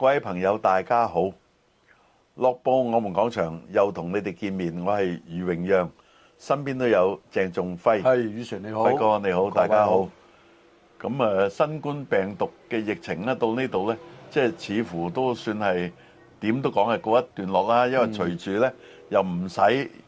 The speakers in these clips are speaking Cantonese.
各位朋友，大家好！樂報我們講場又同你哋見面，我係余榮讓，身邊都有鄭仲輝，係宇晨你好，輝哥你好，大家好。咁啊，新冠病毒嘅疫情呢，到呢度呢，即係似乎都算係點都講係告一段落啦。因為隨住呢、嗯、又唔使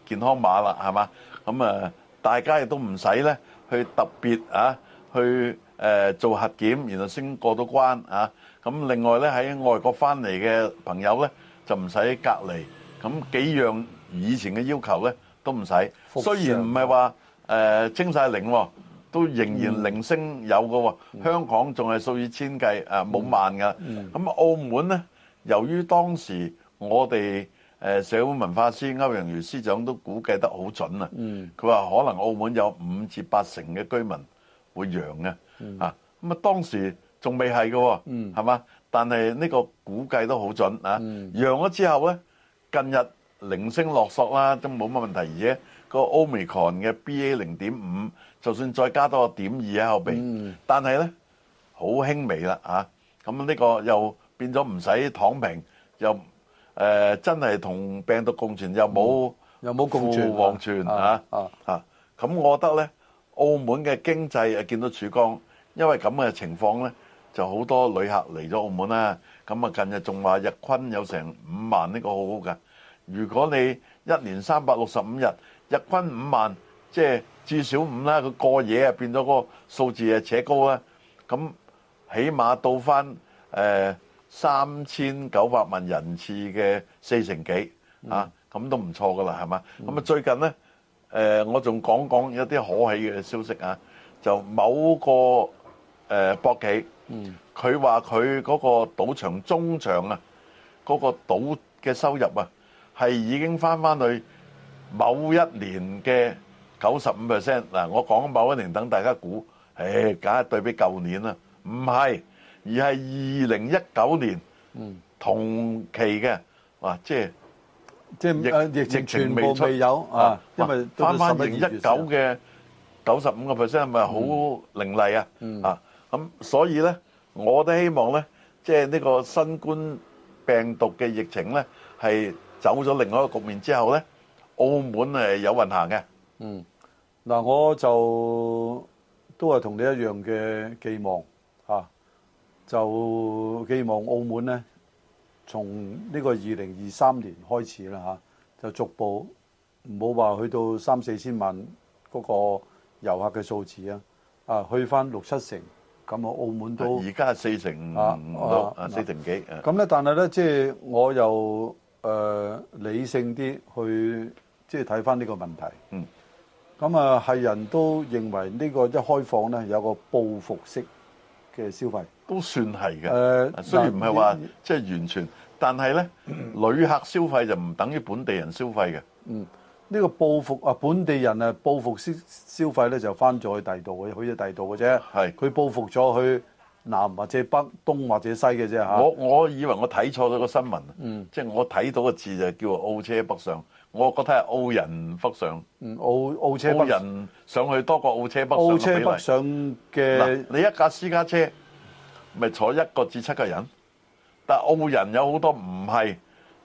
健康碼啦，係嘛，咁啊，大家亦都唔使呢去特別啊去誒、呃、做核檢，然後先過到關啊。咁另外咧，喺外國翻嚟嘅朋友咧就唔使隔離，咁幾樣以前嘅要求咧都唔使。雖然唔係話誒清曬零，都仍然零星有嘅喎。香港仲係數以千計，誒冇萬嘅。咁澳門咧，由於當時我哋誒社會文化司歐陽瑜司長都估計得好準啊。佢話可能澳門有五至八成嘅居民會陽嘅啊。咁啊當時。仲未係㗎喎，係嘛？但係呢個估計都好準啊！陽咗之後咧，近日零星落索啦，都冇乜問題，而且，個 Omicron 嘅 B A 零點五，就算再加多個點二喺後邊，但係咧好輕微啦啊！咁呢個又變咗唔使躺平，又誒真係同病毒共存，又冇又冇共存啊啊！咁我覺得咧，澳門嘅經濟啊，見到曙光，因為咁嘅情況咧。就好多旅客嚟咗澳門啦，啊，咁啊近日仲話日均有成五萬，呢個好好㗎。如果你一年三百六十五日日均五萬，即、就、係、是、至少五啦，佢過夜啊變咗個數字啊扯高啦，啊，咁起碼到翻誒三千九百萬人次嘅四成幾啊，咁都唔錯噶啦，係嘛？咁啊最近呢，呃、我仲講講一啲可喜嘅消息啊，就某個誒、呃、博企。嗯，佢話佢嗰個賭場中場啊，嗰個賭嘅收入啊，係已經翻翻去某一年嘅九十五 percent 嗱，我講某一年等大家估，誒，梗係對比舊年啦，唔係，而係二零一九年同期嘅。哇，即係即係疫疫情未未有啊，因為翻翻二零一九嘅九十五個 percent 係咪好凌厲啊？啊！咁所以呢，我都希望呢，即係呢個新冠病毒嘅疫情呢，係走咗另外一個局面之後呢，澳門係有運行嘅。嗯，嗱，我就都係同你一樣嘅寄望吓，就寄望澳門呢，從呢個二零二三年開始啦吓，就逐步唔好話去到三四千萬嗰個遊客嘅數字啊，啊，去翻六七成。咁啊，澳門都而家四成五啊，四成幾？咁、啊、咧，但係咧，即、就、係、是、我又誒、呃、理性啲去即係睇返呢個問題。咁、嗯、啊，係人都認為呢、這個一開放咧，有個報復式嘅消費，都算係嘅。雖然唔係話即係完全，但係咧、嗯，旅客消費就唔等於本地人消費嘅。嗯呢、這個報復啊，本地人啊，報復消消費咧，就翻咗去第二度嘅，去咗第二度嘅啫。係佢報復咗去南或者北、東或者西嘅啫。嚇，我我以為我睇錯咗個新聞。嗯，即係我睇到個字就係叫澳車北上，我覺得係澳人北上。澳澳車北。澳人上去多過澳車北上。澳車北上嘅，你一架私家車，咪坐一個至七個人，但澳人有好多唔係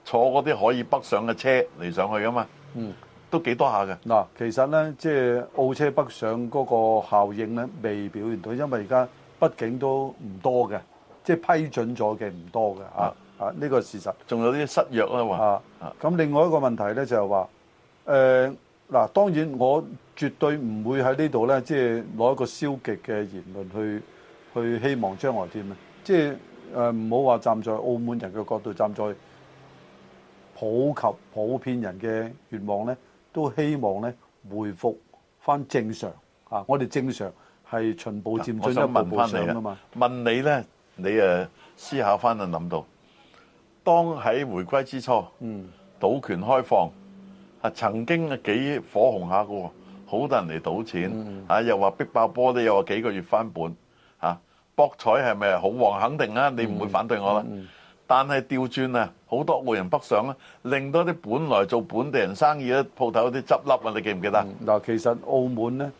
坐嗰啲可以北上嘅車嚟上去噶嘛。嗯。都幾多下嘅嗱，其實呢，即係澳車北上嗰個效應咧未表現到，因為而家畢竟都唔多嘅，即係批准咗嘅唔多嘅嚇，嚇，嗯啊，呢個事實。仲有啲失約啦啊，咁，啊，另外一個問題呢，就係話，誒，呃，嗱，當然我絕對唔會喺呢度呢，即係攞一個消極嘅言論去去希望將來添啊，即係誒唔好話站在澳門人嘅角度，站在普及普遍人嘅願望呢。都希望咧回復翻正常啊！我哋正常係循步漸進，一步步上，啊嘛。問你咧，你誒思考翻就諗到當喺回歸之初，嗯，賭權開放啊，曾經幾火紅下嘅喎，好多人嚟賭錢啊，又話逼爆波，啲又話幾個月翻本啊，博彩係咪好旺？肯定啊，你唔會反對我啦。嗯嗯嗯但係調轉啊！好多外人北上啦，令到啲本來做本地人生意嘅鋪頭有啲執笠啊！你記唔記得嗱、嗯，其實澳門咧，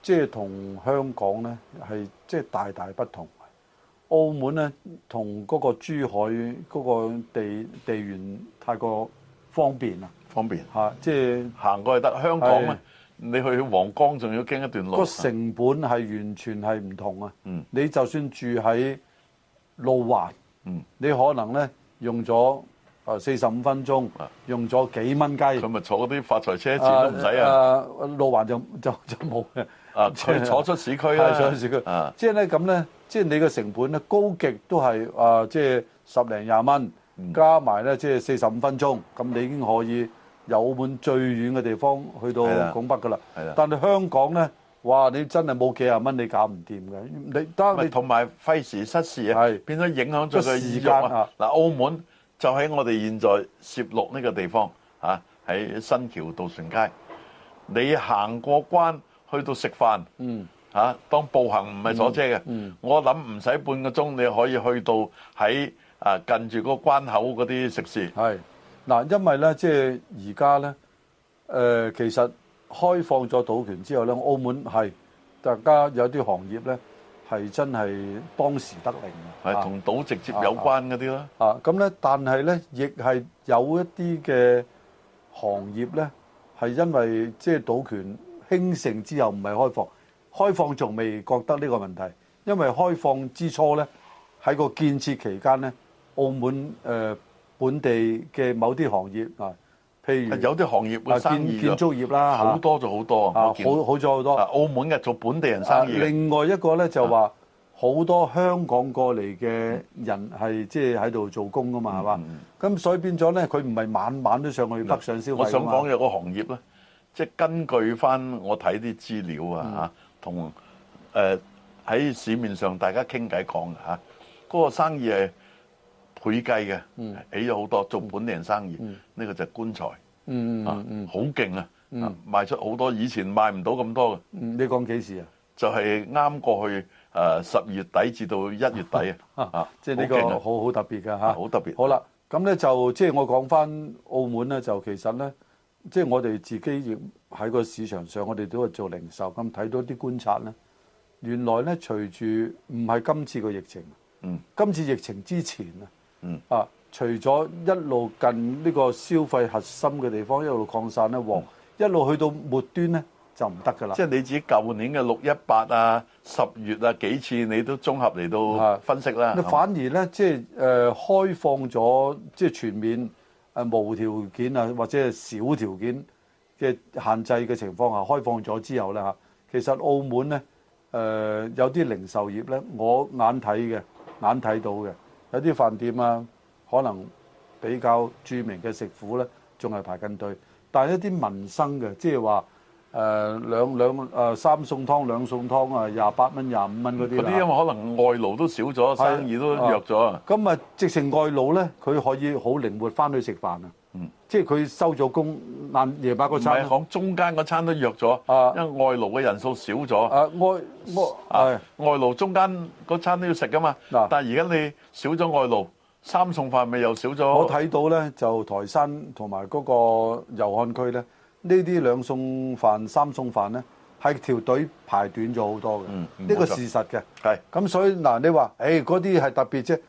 即係同香港咧係即係大大不同。澳門咧同嗰個珠海嗰個地地緣太過方便啊！方便吓，即係行過去得。香港啊，你去皇崗仲要經一段路。個成本係完全係唔同啊！嗯，你就算住喺路環。嗯，你可能咧用咗啊四十五分鐘，用咗幾蚊雞。佢咪坐嗰啲發財車錢都唔使啊！啊，路環就就就冇嘅，啊，坐、即係、坐出市區啦，坐市區。啊，即係咧咁咧，即係你嘅成本咧高極都係啊、呃，即係十零廿蚊，加埋咧即係四十五分鐘，咁你已經可以由澳門最遠嘅地方去到拱北噶啦。係啦，但係香港咧。哇！你真係冇幾廿蚊，你搞唔掂嘅。你當你同埋費事失事，啊，變咗影響咗佢時間嗱，澳門就喺我哋現在攝錄呢個地方嚇，喺新橋渡船街。你行過關去到食飯，嚇、嗯啊，當步行唔係坐車嘅、嗯嗯。我諗唔使半個鐘，你可以去到喺啊近住嗰個關口嗰啲食肆。係嗱，因為咧，即係而家咧，誒、呃、其實。開放咗賭權之後咧，澳門係大家有啲行業咧係真係當時得令嘅，係同賭直接有關嗰啲咯。嚇，咁咧，但係咧亦係有一啲嘅行業咧係因為即係賭權興盛之後唔係開放，開放仲未覺得呢個問題，因為開放之初咧喺個建設期間咧，澳門誒本地嘅某啲行業啊。譬如有啲行業生意、建、建築業啦、啊，好多就好多，好好咗好多。澳門嘅做本地人生意。啊、另外一個咧就話好、啊、多香港過嚟嘅人係即係喺度做工噶嘛，係、嗯、嘛？咁、嗯、所以變咗咧，佢唔係晚晚都上去北上消費。我想講嘅個行業咧，即係根據翻我睇啲資料啊，同誒喺市面上大家傾偈講啊，嗰、那個生意。佢計嘅起咗好多，做本地人生意呢、嗯這個就係棺材，嗯嗯、啊好勁啊、嗯！賣出好多，以前賣唔到咁多嘅、嗯。你講幾時啊？就係、是、啱過去誒十、呃、月底至到一月底啊，啊，啊，啊！即係呢個、啊、好好特別嘅、啊、吓、啊，好特別。好啦，咁咧就即、是、係我講翻澳門咧，就其實咧，即、就、係、是、我哋自己亦喺個市場上，我哋都係做零售咁睇到啲觀察咧。原來咧，隨住唔係今次個疫情、嗯，今次疫情之前啊！嗯啊，除咗一路近呢個消費核心嘅地方一路擴散呢黃、嗯啊、一路去到末端呢就唔得噶啦。即係你自己舊年嘅六一八啊、十月啊幾次，你都綜合嚟到分析啦。反而呢，即係誒開放咗，即、就、係、是、全面無條件啊，或者係少條件嘅限制嘅情況下開放咗之後呢、啊。其實澳門呢，誒、呃、有啲零售業呢，我眼睇嘅眼睇到嘅。有啲飯店啊，可能比較著名嘅食府咧，仲係排緊隊。但係一啲民生嘅，即係話誒兩兩誒三餸湯、兩餸湯啊，廿八蚊廿五蚊嗰啲，嗰啲因為可能外勞都少咗，生意都弱咗。咁啊，那直情外勞咧，佢可以好靈活翻去食飯啊。嗯，即係佢收咗工，晏夜把個餐。唔係講中間嗰餐都弱咗，啊，因為外勞嘅人數少咗。啊，外外啊，外勞中間嗰餐都要食㗎嘛。嗱，但係而家你少咗外勞，三餸飯咪又少咗。我睇到咧，就台山同埋嗰個祐漢區咧，呢啲兩餸飯、三餸飯咧，係條隊排短咗好多嘅。嗯，呢個事實嘅。係。咁所以嗱，你話，誒嗰啲係特別啫，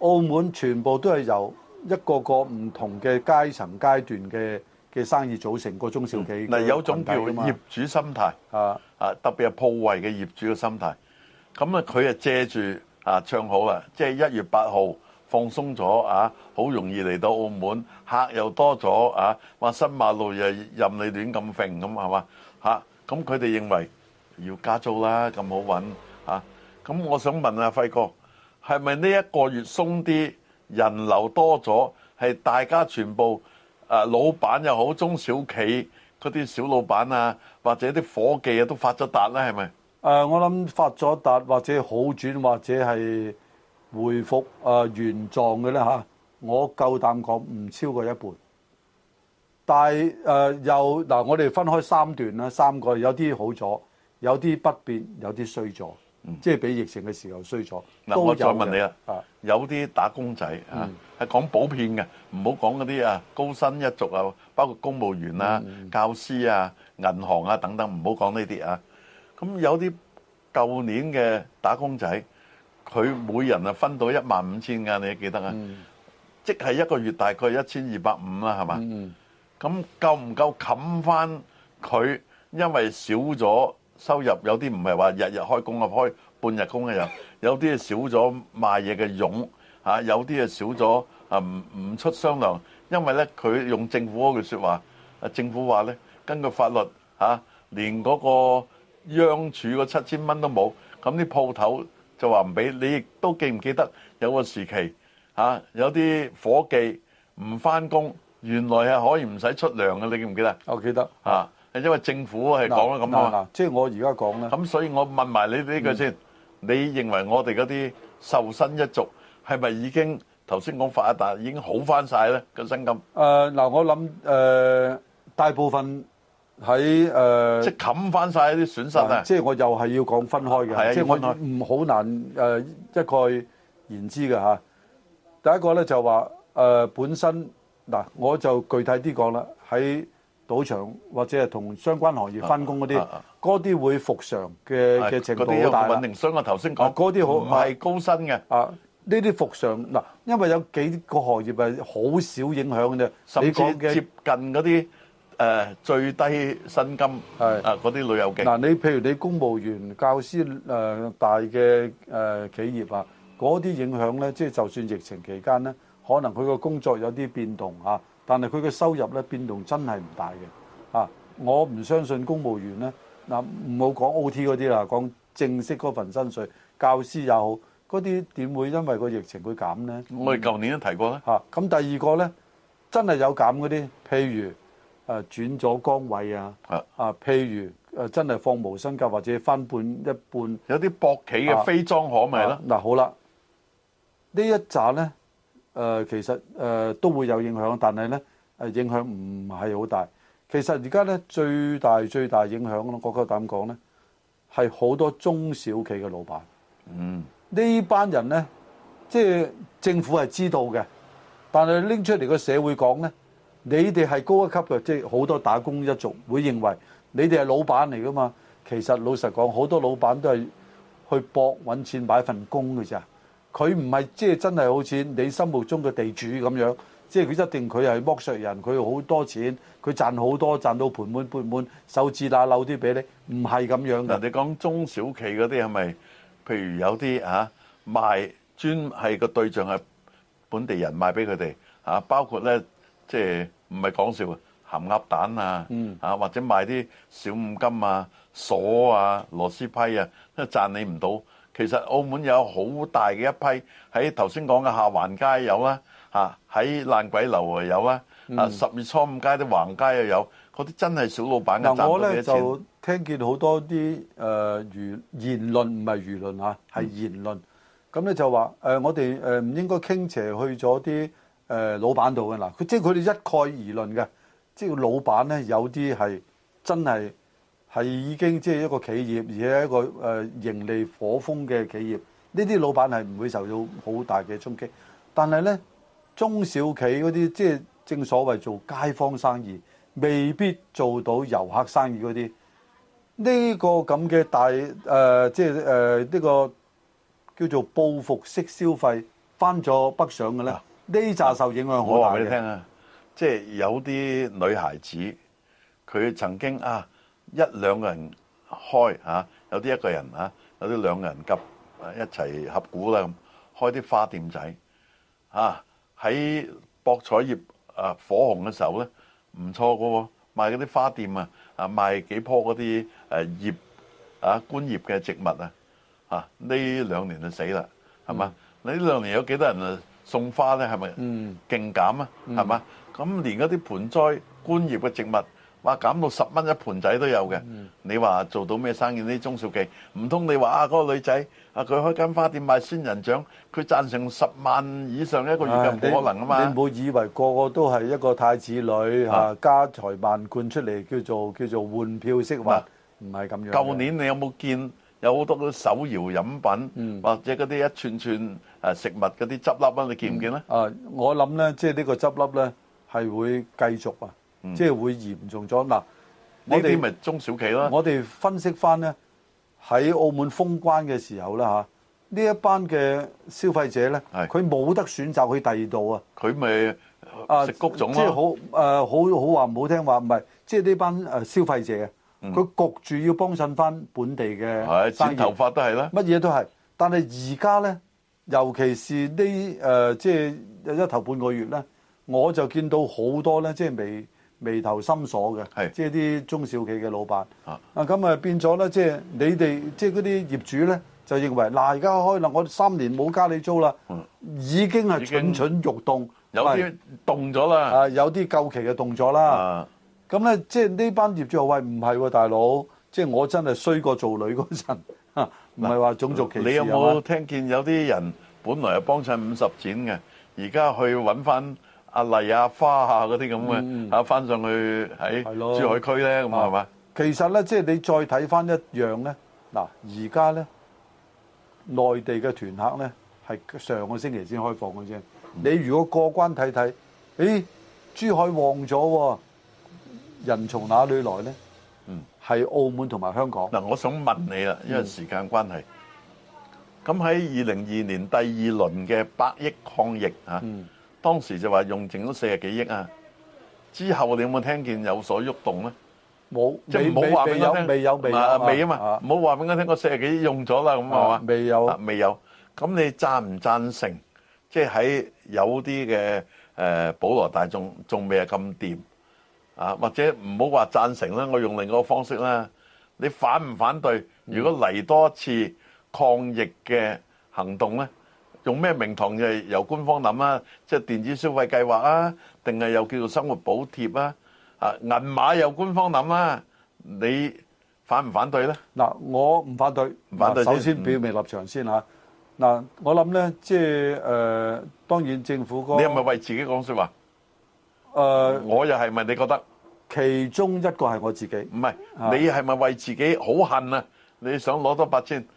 澳門全部都係有。一個個唔同嘅階層、階段嘅嘅生意組成個中小企嗱，有種叫業主心態啊啊，特別係鋪位嘅業主嘅心態。咁啊，佢啊借住啊唱好啊，即係一月八號放鬆咗啊，好容易嚟到澳門，客又多咗啊，話新馬路又任你亂咁揈咁係嘛嚇？咁佢哋認為要加租啦，咁好揾啊！咁我想問阿輝哥，係咪呢一個月鬆啲？人流多咗，係大家全部、呃、老闆又好，中小企嗰啲小老闆啊，或者啲伙計啊都發咗達啦，係咪、呃？我諗發咗達，或者好轉，或者係回復、呃、原狀嘅呢。我夠膽講唔超過一半，但、呃、又嗱、呃，我哋分開三段啦，三個有啲好咗，有啲不變，有啲衰咗。即係比疫情嘅時候衰咗。嗱，我再問你啦，有啲打工仔啊，係講普遍嘅，唔好講嗰啲啊高薪一族啊，包括公務員啦、教師啊、銀行啊等等，唔好講呢啲啊。咁有啲舊年嘅打工仔，佢每人啊分到一萬五千㗎，你記得啊？即係一個月大概一千二百五啦，係嘛？咁夠唔夠冚翻佢？因為少咗。收入有啲唔係話日日開工啊，開半日工嘅人，有啲啊少咗賣嘢嘅傭嚇，有啲係少咗啊唔唔出雙糧，因為咧佢用政府嗰句説話，啊政府話咧根據法律嚇，連嗰個央儲嗰七千蚊都冇，咁啲鋪頭就話唔俾你，亦都記唔記得有個時期嚇，有啲夥計唔翻工，原來係可以唔使出糧嘅，你記唔記得？我記得嚇。因為政府係講啦咁啊，即係我而家講啦。咁所以我問埋你呢句先、嗯，你認為我哋嗰啲受薪一族係咪已經頭先講發達，已經好翻晒咧個薪金？誒、呃，嗱，我諗誒、呃，大部分喺誒、呃、即係冚翻晒啲損失、呃、是的啊！是即係我又係要講分開嘅，即係我唔好難誒，一概言之嘅吓、啊。第一個咧就話誒、呃，本身嗱、呃，我就具體啲講啦，喺。賭場或者係同相關行業分工嗰啲，嗰啲、啊、會復常嘅嘅程度大。穩定商我頭先講，嗰啲好唔係高薪嘅啊。呢啲復常嗱、啊，因為有幾個行業係好少影響嘅。啫，甚至接近嗰啲誒最低薪金啊嗰啲旅遊業。嗱、啊，你譬如你公務員、教師誒、呃、大嘅誒、呃、企業啊，嗰啲影響咧，即、就、係、是、就算疫情期間咧，可能佢個工作有啲變動啊。但係佢嘅收入咧變動真係唔大嘅、啊，我唔相信公務員咧嗱，唔好、啊、講 O T 嗰啲啦，講正式嗰份薪水，教師又好，嗰啲點會因為個疫情會減咧？我哋舊年都提過呢。咁、啊、第二個咧，真係有減嗰啲，譬如誒、啊、轉咗崗位啊，啊，啊譬如、啊、真係放無薪假或者翻半一半，有啲博企嘅非裝可咪啦。嗱、啊啊、好啦，一呢一集咧。誒、呃、其實誒、呃、都會有影響，但係呢誒影響唔係好大。其實而家呢最大最大影響，我夠膽講呢，係好多中小企嘅老闆。嗯，呢班人呢，即係政府係知道嘅，但係拎出嚟個社會講呢，你哋係高一級嘅，即係好多打工一族會認為你哋係老闆嚟噶嘛。其實老實講，好多老闆都係去搏揾錢買份工嘅啫。佢唔係即係真係好似你心目中嘅地主咁樣，即係佢一定佢係剝削人，佢好多錢，佢賺好多，賺到盆滿缽滿，手指打漏啲俾你，唔係咁樣嘅、嗯。你講中小企嗰啲係咪？譬如有啲啊賣專係個對象係本地人賣俾佢哋啊，包括咧即係唔係講笑鹹鴨蛋啊，嗯、啊或者賣啲小五金啊鎖、啊螺絲批啊，都賺你唔到。其實澳門有好大嘅一批喺頭先講嘅下環街有啦，喺爛鬼樓有啦，啊、嗯、十月初五街啲橫街又有，嗰啲真係小老闆嘅、嗯、我咧就聽見好多啲言論唔係輿論啊，係言論，咁咧、嗯、就話我哋唔應該傾斜去咗啲老闆度嘅嗱，佢即係佢哋一概而論嘅，即係老闆咧有啲係真係。係已經即係一個企業，而且係一個誒盈利火風嘅企業。呢啲老闆係唔會受到好大嘅衝擊。但係呢，中小企嗰啲即係正所謂做街坊生意，未必做到遊客生意嗰啲。呢個咁嘅大誒即係誒呢個叫做報復式消費，翻咗北上嘅呢。呢紮受影響。我話俾你聽啊，即係有啲女孩子，佢曾經啊～一兩個人開吓，有啲一個人吓，有啲兩個人夾一齊合股啦，開啲花店仔吓。喺博彩業啊火紅嘅時候咧，唔錯嘅喎，賣嗰啲花店啊，啊賣幾棵嗰啲誒葉啊觀葉嘅植物啊吓。呢兩年就死啦，係、嗯、嘛？你呢兩年有幾多人送花咧？係咪勁減啊？係、嗯、嘛？咁、嗯、連嗰啲盆栽觀葉嘅植物。話減到十蚊一盆仔都有嘅，你話做到咩生意？啲中小企唔通你話啊？嗰個女仔啊，佢開間花店賣仙人掌，佢賺成十萬以上一個月就冇可能啊嘛！你唔好以為個個都係一個太子女嚇，家財萬貫出嚟叫做叫做換票式話，唔係咁樣。舊年你有冇見有好多嗰啲手搖飲品，或者嗰啲一串串誒食物嗰啲執笠啊？你見唔見咧？啊，我諗咧，即係呢個執笠咧，係會繼續啊！嗯、即係會嚴重咗嗱，呢啲咪中小企咯。我哋分析翻咧，喺澳門封關嘅時候啦吓，呢一班嘅消費者咧，佢冇得選擇去第二度啊。佢咪食谷種啊？即係好、呃、好好話唔好，好聽話，唔係即係呢班消費者，佢焗住要幫襯翻本地嘅。係剪頭髮都係啦，乜嘢都係。但係而家咧，尤其是呢、呃、即係一頭半個月咧，我就見到好多咧，即係未。眉頭深鎖嘅，即係啲中小企嘅老闆。啊，咁啊變咗咧，即、就、係、是、你哋，即係嗰啲業主咧，就認為嗱，而、啊、家開啦我三年冇加你租啦、嗯，已經係蠢蠢欲動，有啲動咗啦，啊，有啲舊期嘅動作啦。咁、啊、咧、啊，即係呢班業主話：喂，唔係喎，大佬，即係我真係衰過做女嗰陣，唔係話種族歧視。你有冇聽見有啲人本來係幫襯五十展嘅，而家去揾翻？阿泥啊、花啊嗰啲咁嘅，啊翻上去喺珠海區咧，咁係嘛？其實咧，即係你再睇翻一樣咧，嗱，而家咧內地嘅團客咧係上個星期先開放嘅啫。你如果過關睇睇，誒，珠海旺咗，人從哪裡來咧？嗯，係澳門同埋香港。嗱，我想問你啦，因為時間關係。咁喺二零二年第二輪嘅百億抗疫嚇。當時就話用剩咗四十幾億啊！之後你有冇聽見有所喐動咧？冇，即係唔好話俾我聽，未有未啊嘛，唔好話俾我聽，我四十幾億用咗啦，咁啊嘛，未有，未有。咁你贊唔贊成？即係喺有啲嘅誒，普羅大眾仲未係咁掂啊？或者唔好話贊成啦，我用另外一個方式啦。你反唔反對？如果嚟多一次抗疫嘅行動咧？用咩名堂？又由官方諗啊，即係電子消費計劃啊，定係又叫做生活補貼啊？啊，銀碼又官方諗啊？你反唔反對咧？嗱，我唔反對。唔反對先，首先表明立場先嚇。嗱，我諗咧，即係誒，當然政府嗰個，你係咪為自己講説話？誒，我又係咪你覺得其中一個係我自己。唔係，你係咪為自己好恨啊？你想攞多八千？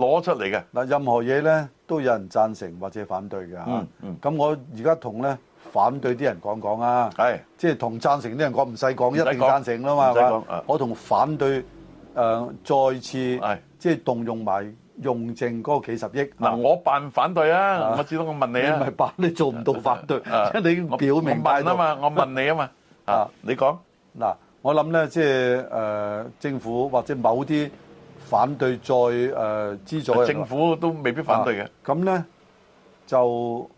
攞出嚟嘅嗱，任何嘢咧都有人贊成或者反對㗎吓。咁我而家同咧反對啲人講講啊，係即係同贊成啲人講唔使講，一定贊成啦嘛。我同反對誒再次即係動用埋用剩嗰幾十億嗱，我扮反對啊！我知道我問你啊，唔係扮你做唔到反對，即係你我表明啊嘛，我問你啊嘛。啊，你講嗱，我諗咧即係誒政府或者某啲。反對再誒資助啊！政府都未必反對嘅。咁咧就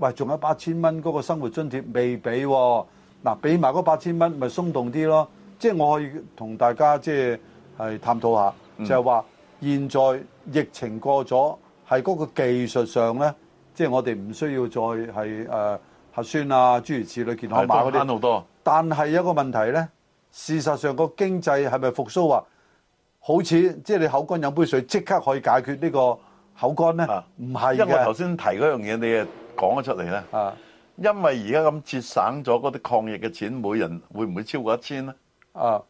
喂，仲有八千蚊嗰個生活津貼未俾喎？嗱，俾埋嗰八千蚊，咪鬆動啲咯。即係我可以同大家即係係探討下，就係話現在疫情過咗，係嗰個技術上咧，即係我哋唔需要再係誒核酸啊，諸如此類健康碼嗰啲。但係有一個問題咧，事實上個經濟係咪復甦啊？好似即係你口乾飲杯水即刻可以解決呢個口乾咧？唔係嘅、啊、因為我頭先提嗰樣嘢你誒講咗出嚟咧。啊，因為而家咁節省咗嗰啲抗疫嘅錢，每人會唔會超過一千咧？啊，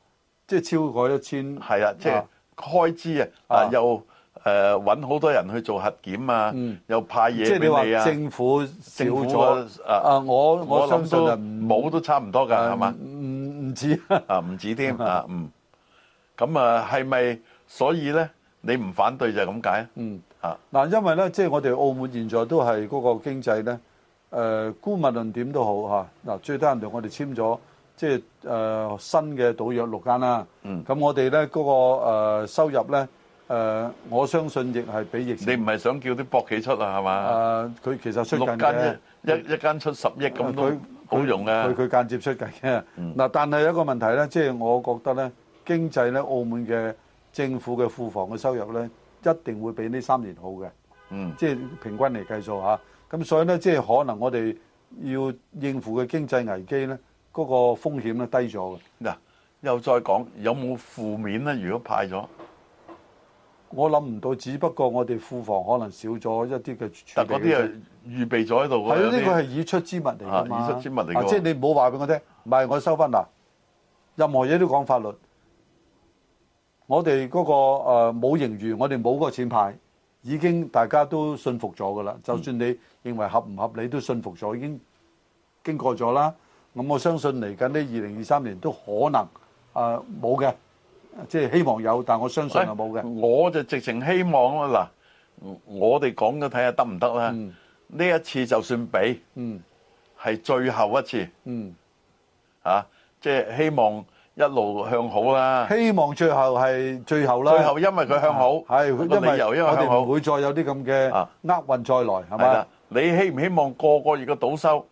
即係超過一千。係啊，即係、啊即係、開支啊，啊，又誒揾好多人去做核檢啊、嗯，又派嘢俾你啊、嗯。政府少咗啊！啊，我我相信冇都差唔多㗎，係嘛？唔唔止啊，唔止添啊，嗯。嗯嗯嗯嗯嗯嗯咁啊，係咪所以咧？你唔反對就係咁解？嗯啊，嗱，因為咧，即係我哋澳門現在都係嗰個經濟咧，誒，姑勿論點都好嚇。嗱，最低限度我哋簽咗即係誒新嘅賭約六間啦。嗯，咁我哋咧嗰個誒收入咧，誒，我相信亦係比疫，你唔係想叫啲博企出啊，係嘛？誒，佢其實出六間啫，一一間出十億咁都好用嘅。佢，佢間接出緊嘅。嗱，但係有一個問題咧，即係我覺得咧。經濟咧，澳門嘅政府嘅庫房嘅收入咧，一定會比呢三年好嘅。嗯，即係平均嚟計數吓。咁所以咧，即係可能我哋要應付嘅經濟危機咧，嗰個風險咧低咗嘅。嗱，又再講有冇負面咧？如果派咗，我諗唔到，只不過我哋庫房可能少咗一啲嘅。但嗰啲係預備咗喺度。係咯，呢個係已出之物嚟嘅。啊，已出之物嚟㗎，啊。即係你唔好話俾我聽，唔係我收翻，嗱，任何嘢都講法律。我哋嗰、個、呃、冇、盈餘，我哋冇嗰個錢派，已經大家都信服咗噶啦。就算你認為合唔合理，都信服咗，已經經過咗啦。咁我相信嚟緊呢二零二三年都可能誒冇嘅，即係希望有，但我相信係冇嘅。我就直情希望啦，嗱，我哋講咗睇下得唔得啦。呢、嗯、一次就算俾，係、嗯、最後一次，嗯、啊即係、就是、希望。一路向好啦！希望最後係最後啦。最後因為佢向好，係因為我哋唔會再有啲咁嘅厄運再來係嘛？你希唔希望個個月嘅賭收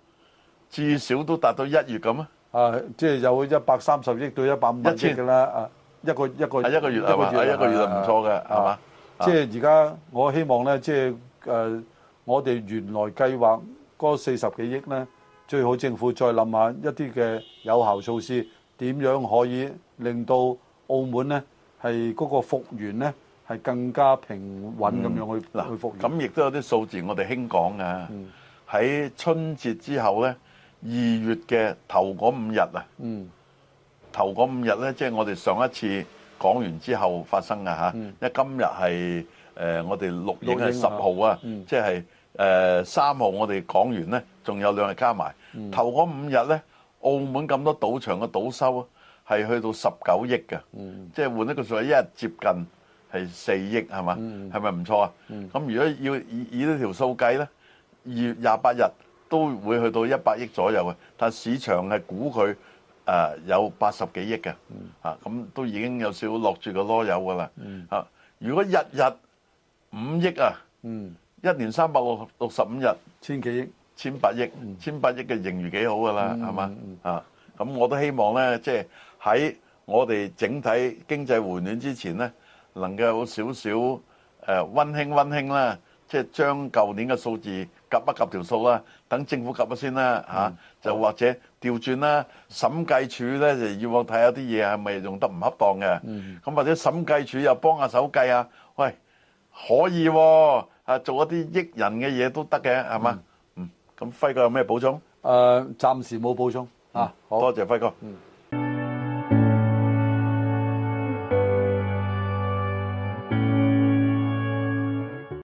至少都達到一月咁啊？啊，即係有一百三十億到一百五十億嘅啦啊！一個一個一個月啊嘛，一個月就唔錯嘅係嘛？即係而家我希望咧，即係誒，我哋原來計劃嗰四十幾億咧，最好政府再諗下一啲嘅有效措施。點樣可以令到澳門咧係嗰個復原咧係更加平穩咁樣去嗱去復原，咁亦都有啲數字我哋興講嘅。喺春節之後咧，二月嘅頭嗰五日啊，頭嗰五日咧，即係我哋上一次講完之後發生嘅嚇。因為今日係誒我哋六月十號啊，即係誒三號我哋講完咧，仲有兩日加埋頭嗰五日咧。澳門咁多賭場嘅賭收啊，係去到十九億嘅，即、嗯、係換一個數，一日接近係四億，係嘛？係咪唔錯啊？咁、嗯、如果要以呢條數計咧，二月廿八日都會去到一百億左右嘅，但市場係估佢誒有八十幾億嘅、嗯，啊咁都已經有少少落住個囉柚㗎啦。啊，如果日日五億啊，嗯、一年三百六六十五日，千幾億。千百億、千百億嘅盈餘幾好㗎啦，係嘛啊？咁我都希望咧，即係喺我哋整體經濟回暖之前咧，能夠有少少誒温馨温馨啦，即係將舊年嘅數字夾一夾條數啦，等政府夾一先啦，嚇就或者調轉啦，審計署咧就以往睇下啲嘢係咪用得唔恰當嘅，咁或者審計署又幫下手計啊？喂，可以喎，啊做一啲益人嘅嘢都得嘅，係嘛？咁輝哥有咩補充？誒、呃，暫時冇補充、嗯、啊。好多謝輝哥。嗯。